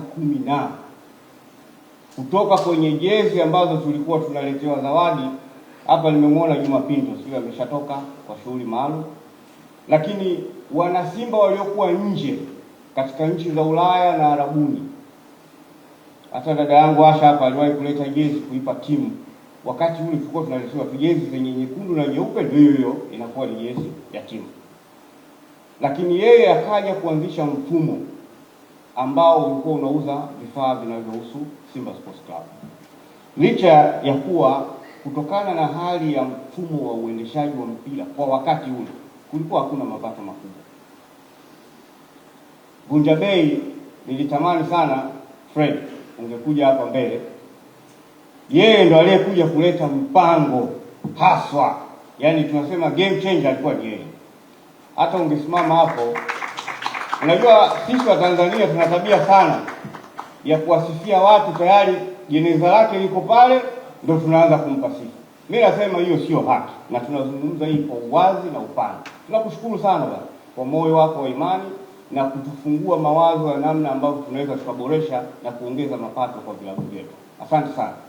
kumi na kutoka kwenye jezi ambazo tulikuwa tunaletewa zawadi. Hapa nimemwona Juma Pinto, sijui ameshatoka kwa shughuli maalum, lakini wanasimba waliokuwa nje katika nchi za Ulaya na Arabuni, hata dada yangu Asha hapa aliwahi kuleta jezi kuipa timu. Wakati ule tulikuwa tunaletewa jezi zenye nyekundu na nyeupe, ndio hiyo inakuwa ni jezi ya timu, lakini yeye akaja kuanzisha mfumo ambao ulikuwa unauza vifaa vinavyohusu Simba Sports Club. Licha ya kuwa kutokana na hali ya mfumo wa uendeshaji wa mpira kwa wakati ule kulikuwa hakuna mapato makubwa. Vunja Bei, nilitamani sana Fred ungekuja hapa mbele, yeye ndo aliyekuja kuleta mpango haswa, yaani tunasema game changer alikuwa ni yeye. Hata ungesimama hapo Unajua sisi wa Tanzania tuna tabia sana ya kuwasifia watu, tayari jeneza lake liko pale, ndio tunaanza kumpa sifa. Mimi nasema hiyo sio haki, na tunazungumza hii kwa uwazi na upana. Tunakushukuru sana bwana kwa moyo wako wa imani na kutufungua mawazo ya namna ambavyo tunaweza tukaboresha na kuongeza mapato kwa vilabu vyetu. Asante sana.